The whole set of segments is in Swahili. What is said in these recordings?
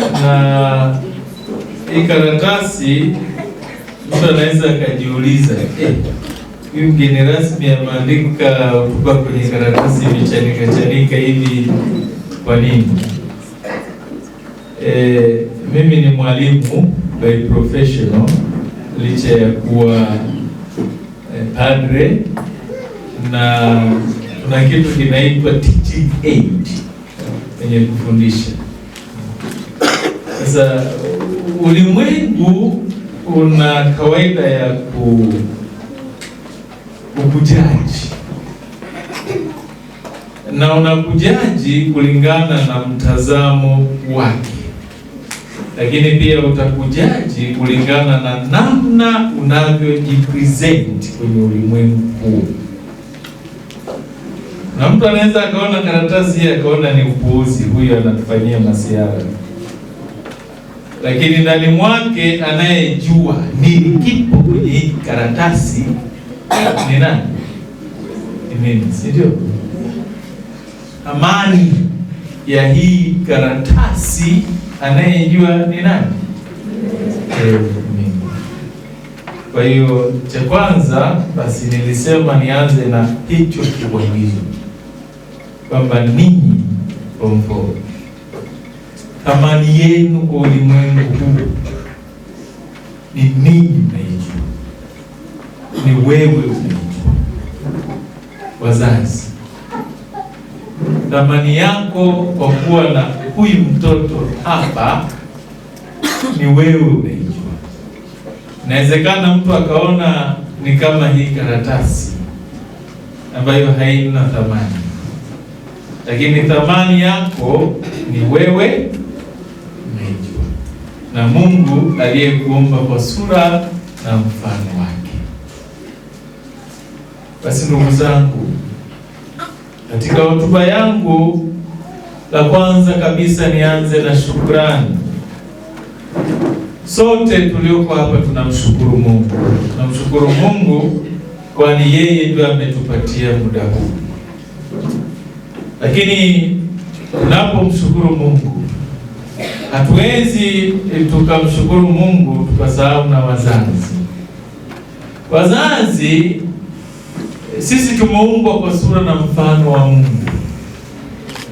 na hii karatasi mtu anaweza akajiuliza hii eh, mgeni rasmi ameandika hotuba kwenye karatasi imechanika chanika hivi kwa nini? Eh, mimi ni mwalimu by professional licha ya kuwa eh, padre na kuna kitu kinaitwa teaching aid kwenye kufundisha sasa ulimwengu una kawaida ya ku ukujaji na unakujaji kulingana na mtazamo wake, lakini pia utakujaji kulingana na namna unavyojipresent kwenye ulimwengu huu. Na mtu anaweza akaona karatasi hii akaona ni upuuzi, huyu anatufanyia masiara lakini ndani mwake anayejua nini kipo kwenye hii karatasi ni nani? Ni Si ndio? Amani ya hii karatasi anayejua ni nani? Kwa hiyo cha kwanza basi nilisema nianze na hicho kibwagizo kwamba ninyi ompo Thamani yenu kwa ulimwengu huu ni ninyi mnaijua, ni wewe unaijua. Wazazi, thamani yako kwa kuwa na huyu mtoto hapa ni wewe unaijua. Inawezekana mtu akaona ni kama hii karatasi ambayo haina thamani, lakini thamani yako ni wewe na Mungu aliyekuumba kwa sura na mfano wake. Basi ndugu zangu, katika hotuba yangu, la kwanza kabisa nianze na shukrani. Sote tulioko hapa tunamshukuru Mungu, tunamshukuru Mungu kwani yeye ndiye ametupatia muda huu, lakini tunapomshukuru Mungu Hatuwezi eh, tukamshukuru Mungu tukasahau na wazazi. Wazazi eh, sisi tumeumbwa kwa sura na mfano wa Mungu,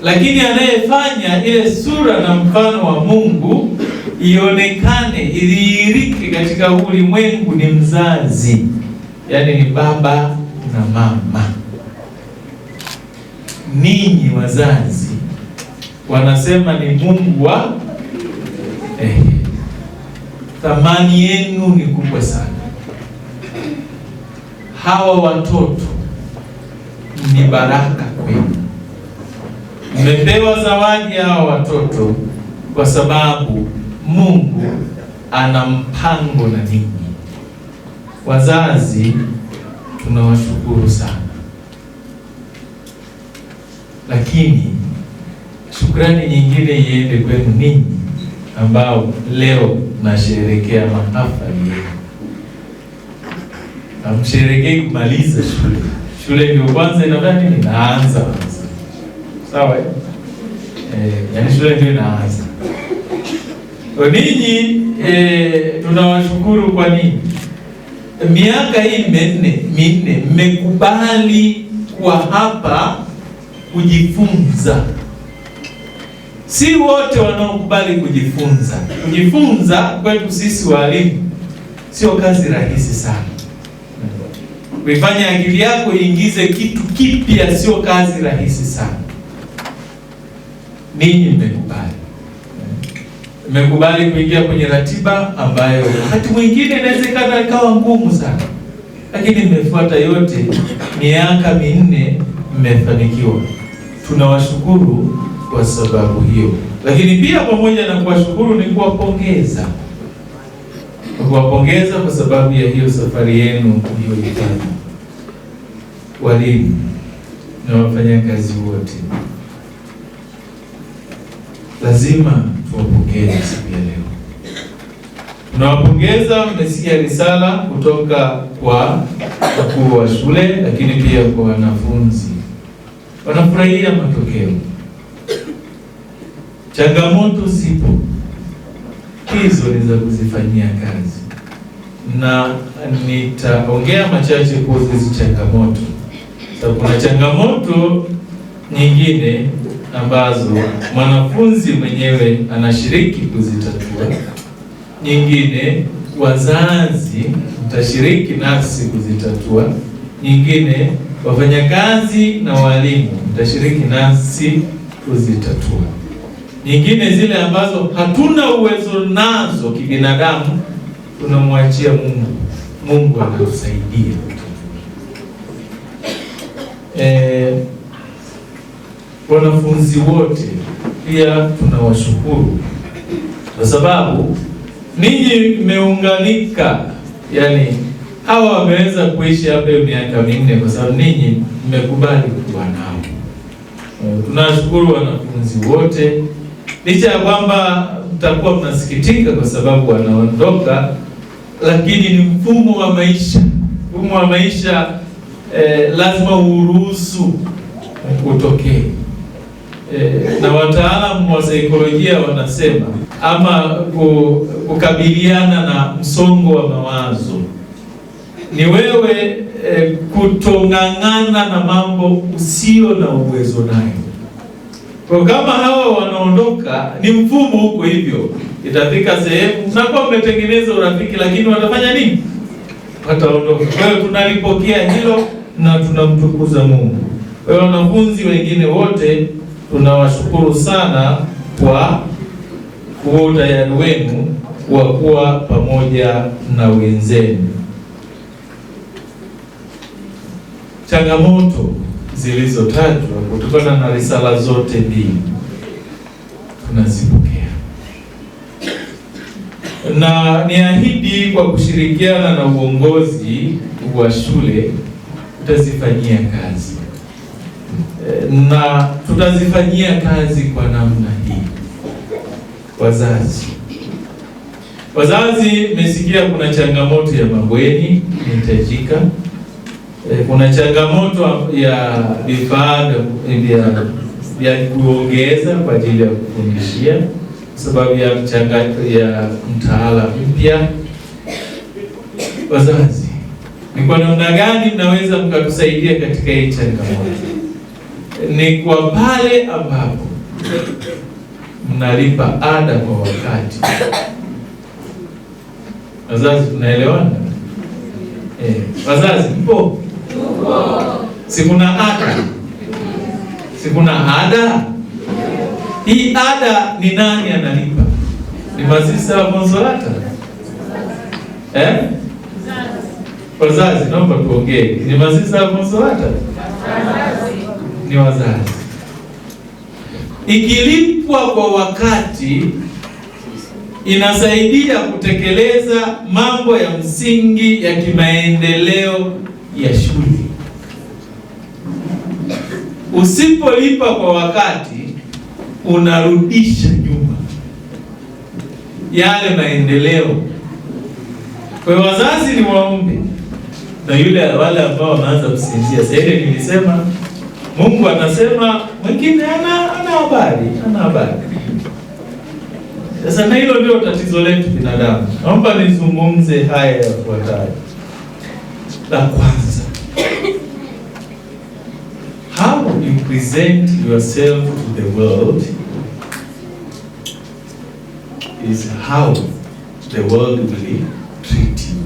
lakini anayefanya ile sura na mfano wa Mungu ionekane iliirike katika ulimwengu ni mzazi, yaani ni baba na mama. Ninyi wazazi wanasema ni Mungu wa eh. Thamani yenu ni kubwa sana. Hawa watoto ni baraka kwenu, mmepewa zawadi hawa watoto kwa sababu Mungu ana mpango na ninyi. Wazazi, tunawashukuru sana, lakini Shukrani nyingine iende kwenu ninyi ambao leo nasherekea mahafali yenu. Hamsherehekei kumaliza shule, shule ndio kwanza inadhani inaanza sawa, eh, eh yani shule ndio inaanza. Ninyi eh, tunawashukuru kwa nini miaka hii minne minne mmekubali kwa hapa kujifunza si wote wanaokubali kujifunza. Kujifunza kwetu sisi walimu sio kazi rahisi sana. Kuifanya akili yako iingize kitu kipya sio kazi rahisi sana. Ninyi mmekubali, mmekubali kuingia kwenye ratiba ambayo wakati mwingine inawezekana ikawa ngumu sana, lakini mmefuata yote. Miaka minne mmefanikiwa, tunawashukuru kwa sababu hiyo, lakini pia pamoja na kuwashukuru ni kuwapongeza, kuwapongeza kwa sababu ya hiyo safari yenu mliyoifanya, walimu na wafanyakazi wote, lazima tuwapongeze siku ya leo. Tunawapongeza, mmesikia risala kutoka kwa wakuu wa shule, lakini pia kwa wanafunzi, wanafurahia matokeo Changamoto zipo, hizo ni za kuzifanyia kazi, na nitaongea machache kuhusu hizi changamoto. So, kuna changamoto nyingine ambazo mwanafunzi mwenyewe anashiriki kuzitatua, nyingine wazazi mtashiriki nafsi kuzitatua, nyingine wafanyakazi na walimu mtashiriki nafsi kuzitatua nyingine zile ambazo hatuna uwezo nazo kibinadamu, tunamwachia Mungu. Mungu anatusaidia. Eh, wanafunzi wote pia tunawashukuru kwa sababu ninyi mmeunganika, yani hawa wameweza kuishi hapa miaka minne kwa sababu ninyi mmekubali kuwa nao. Eh, Tunashukuru wanafunzi wote licha ya kwamba mtakuwa mnasikitika kwa sababu wanaondoka, lakini ni mfumo wa maisha. Mfumo wa maisha eh, lazima uruhusu utokee. Eh, na wataalamu wa saikolojia wanasema ama kukabiliana na msongo wa mawazo ni wewe eh, kutong'ang'ana na mambo usio na uwezo nayo. Kwa kama hawa wanaondoka, ni mfumo huko hivyo, itafika sehemu nakuwa mmetengeneza urafiki, lakini watafanya nini? Wataondoka. Kwa hiyo tunalipokea hilo na tunamtukuza Mungu. Kwa hiyo wanafunzi wengine wote tunawashukuru sana kwa kuwa utayari wenu wa kuwa pamoja na wenzenu. Changamoto zilizotajwa kutokana na risala zote mbili tunazipokea, na niahidi kwa kushirikiana na uongozi wa shule tutazifanyia kazi na tutazifanyia kazi kwa namna hii. Wazazi, wazazi, mmesikia kuna changamoto ya mabweni inahitajika Eh, kuna changamoto ya vifaa vya kuongeza kwa ajili ya kufundishia sababu ya mchangato ya mtaala mpya. Wazazi, ni kwa namna gani mnaweza mkatusaidia katika hii changamoto? Ni kwa pale ambapo mnalipa ada kwa wakati. Wazazi, tunaelewana eh, Wazazi mpo si kuna ada, si kuna ada. Hii ada ni nani analipa? Ni masista wa Konsolata eh? Wazazi, naomba tuongee. Ni masista wa Konsolata, ni wazazi. Ikilipwa kwa wakati inasaidia kutekeleza mambo ya msingi ya kimaendeleo ya shule. Usipolipa kwa wakati, unarudisha nyuma yale maendeleo. Kwa wazazi ni waombe, na yule wale ambao wanaanza kusinzia sasa Nilisema Mungu anasema, mwingine ana ana habari ana habari sasa, na hilo ndio tatizo letu binadamu. Naomba nizungumze haya yafuatayo la kwanza, how you present yourself to the world is how the world will treat you.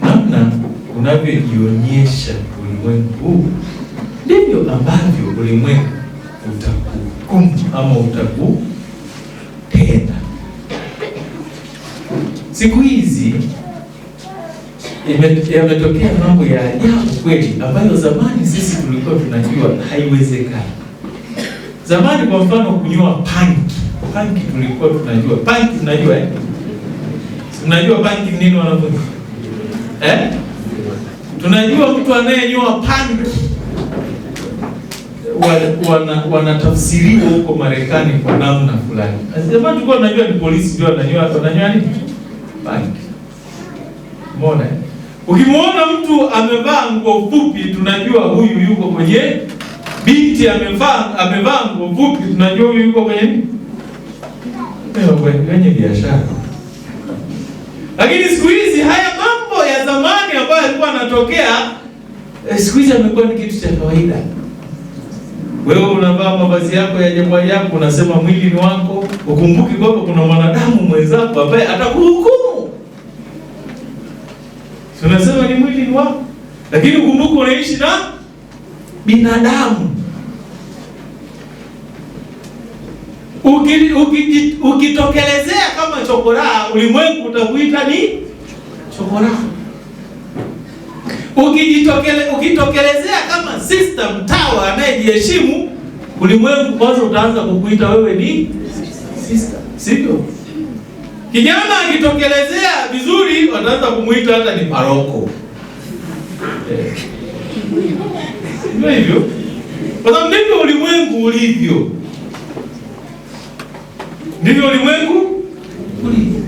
Namna unavyojionyesha ulimwengu huu ndivyo ambavyo ulimwengu utakuhukumu ama utakutenda. Siku hizi yametokea mambo ya ajabu kweli, ambayo zamani sisi tulikuwa tunajua haiwezekani. Zamani kwa mfano, kunywa panki, panki tulikuwa tunajua panki, tunajua eh? tunajua panki nini wanafunzi eh? Tunajua mtu anayenyoa panki wana wanatafsiriwa huko Marekani kwa namna fulani. Zamani tulikuwa tunajua ni polisi ndio ananyoa, ananyoa nini? Panki. Umeona? Eh? Ukimwona mtu amevaa nguo fupi, tunajua huyu yuko kwenye binti, amevaa amevaa nguo fupi, tunajua huyu yuko kwenye nini, kwenye biashara. Lakini siku hizi haya mambo ya zamani ambayo yalikuwa yanatokea eh, siku hizi amekuwa ni kitu cha kawaida. Wewe unavaa mavazi yako ya jamaa yako, unasema mwili ni wako, ukumbuki kwamba kuna mwanadamu mwenzako ambaye atakuhukumu tunasema ni mwili ni wako, lakini ukumbuke unaishi na binadamu. Ukitokelezea kama chokoraa, ulimwengu utakuita ni chokoraa. Ukijitokele, ukitokelezea kama sista mtawa anayejiheshimu, ulimwengu kwanza utaanza kukuita wewe ni sister, sivyo? Kijana akitokelezea vizuri, wataanza kumwita hata ni paroko eh. ndio hivyo, kwa sababu ndivyo ulimwengu ulivyo, ndivyo ulimwengu ulivyo.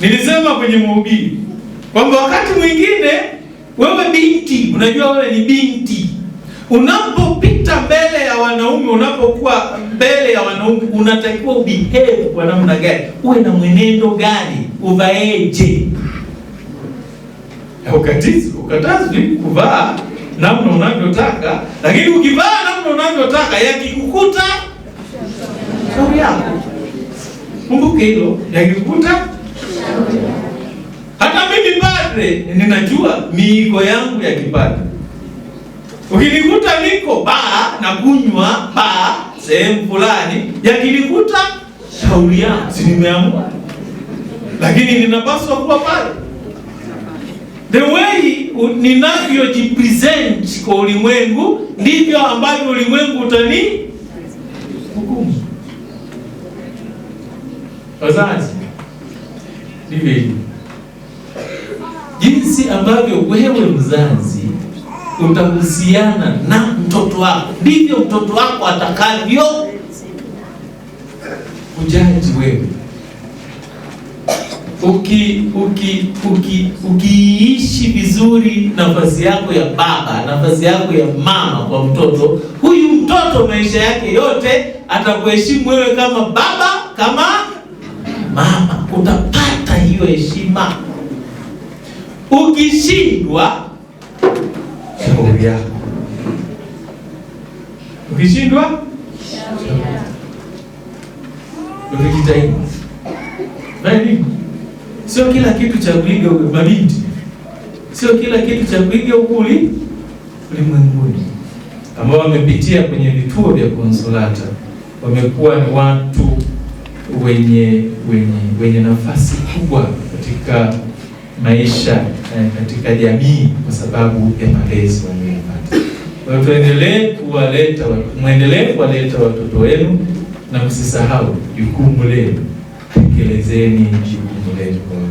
Nilisema kwenye mahubiri kwamba wakati mwingine wewe binti, unajua wewe ni binti, unapopita mbele ya wanaume, unapokuwa mbele ya wanaume unatakiwa ubehave kwa namna gani? Uwe na mwenendo gani? Uvaeje? Ukatizwi, ukatazwi kuvaa namna unavyotaka, lakini ukivaa namna unavyotaka yakikukuta shauri yako. Kumbuke hilo, yakikukuta hata mimi padre ninajua miiko yangu ya kipadre. Ukinikuta niko baa na kunywa baa sehemu fulani, yakilikuta shauri yangu, si nimeamua, lakini ninapaswa kuwa pale. The way ninavyojipresent kwa ulimwengu ndivyo ambavyo ulimwengu utani hukumu. Wazazi, ndivyo hivyo jinsi ambavyo wewe mzazi utahusiana na mtoto wako, ndivyo mtoto wako atakavyo kujaji wewe. Ukiishi uki, uki, ukiishi vizuri nafasi yako ya baba, nafasi yako ya mama kwa mtoto huyu, mtoto maisha yake yote atakuheshimu wewe kama baba, kama mama, utapata hiyo heshima. Ukishindwa shauri yako Ukishindwa sio kila kitu cha kuiga mabinti, sio kila kitu cha kuiga ukuli ulimwenguni. Ambao wamepitia kwenye vituo vya konsulata wamekuwa ni watu wenye wenye wenye nafasi kubwa katika maisha eh, katika jamii kwa sababu ya malezi waliyo tuendelee kuwaleta, mwendelee kuwaleta watoto wenu na msisahau jukumu lenu, tekelezeni jukumu lenu.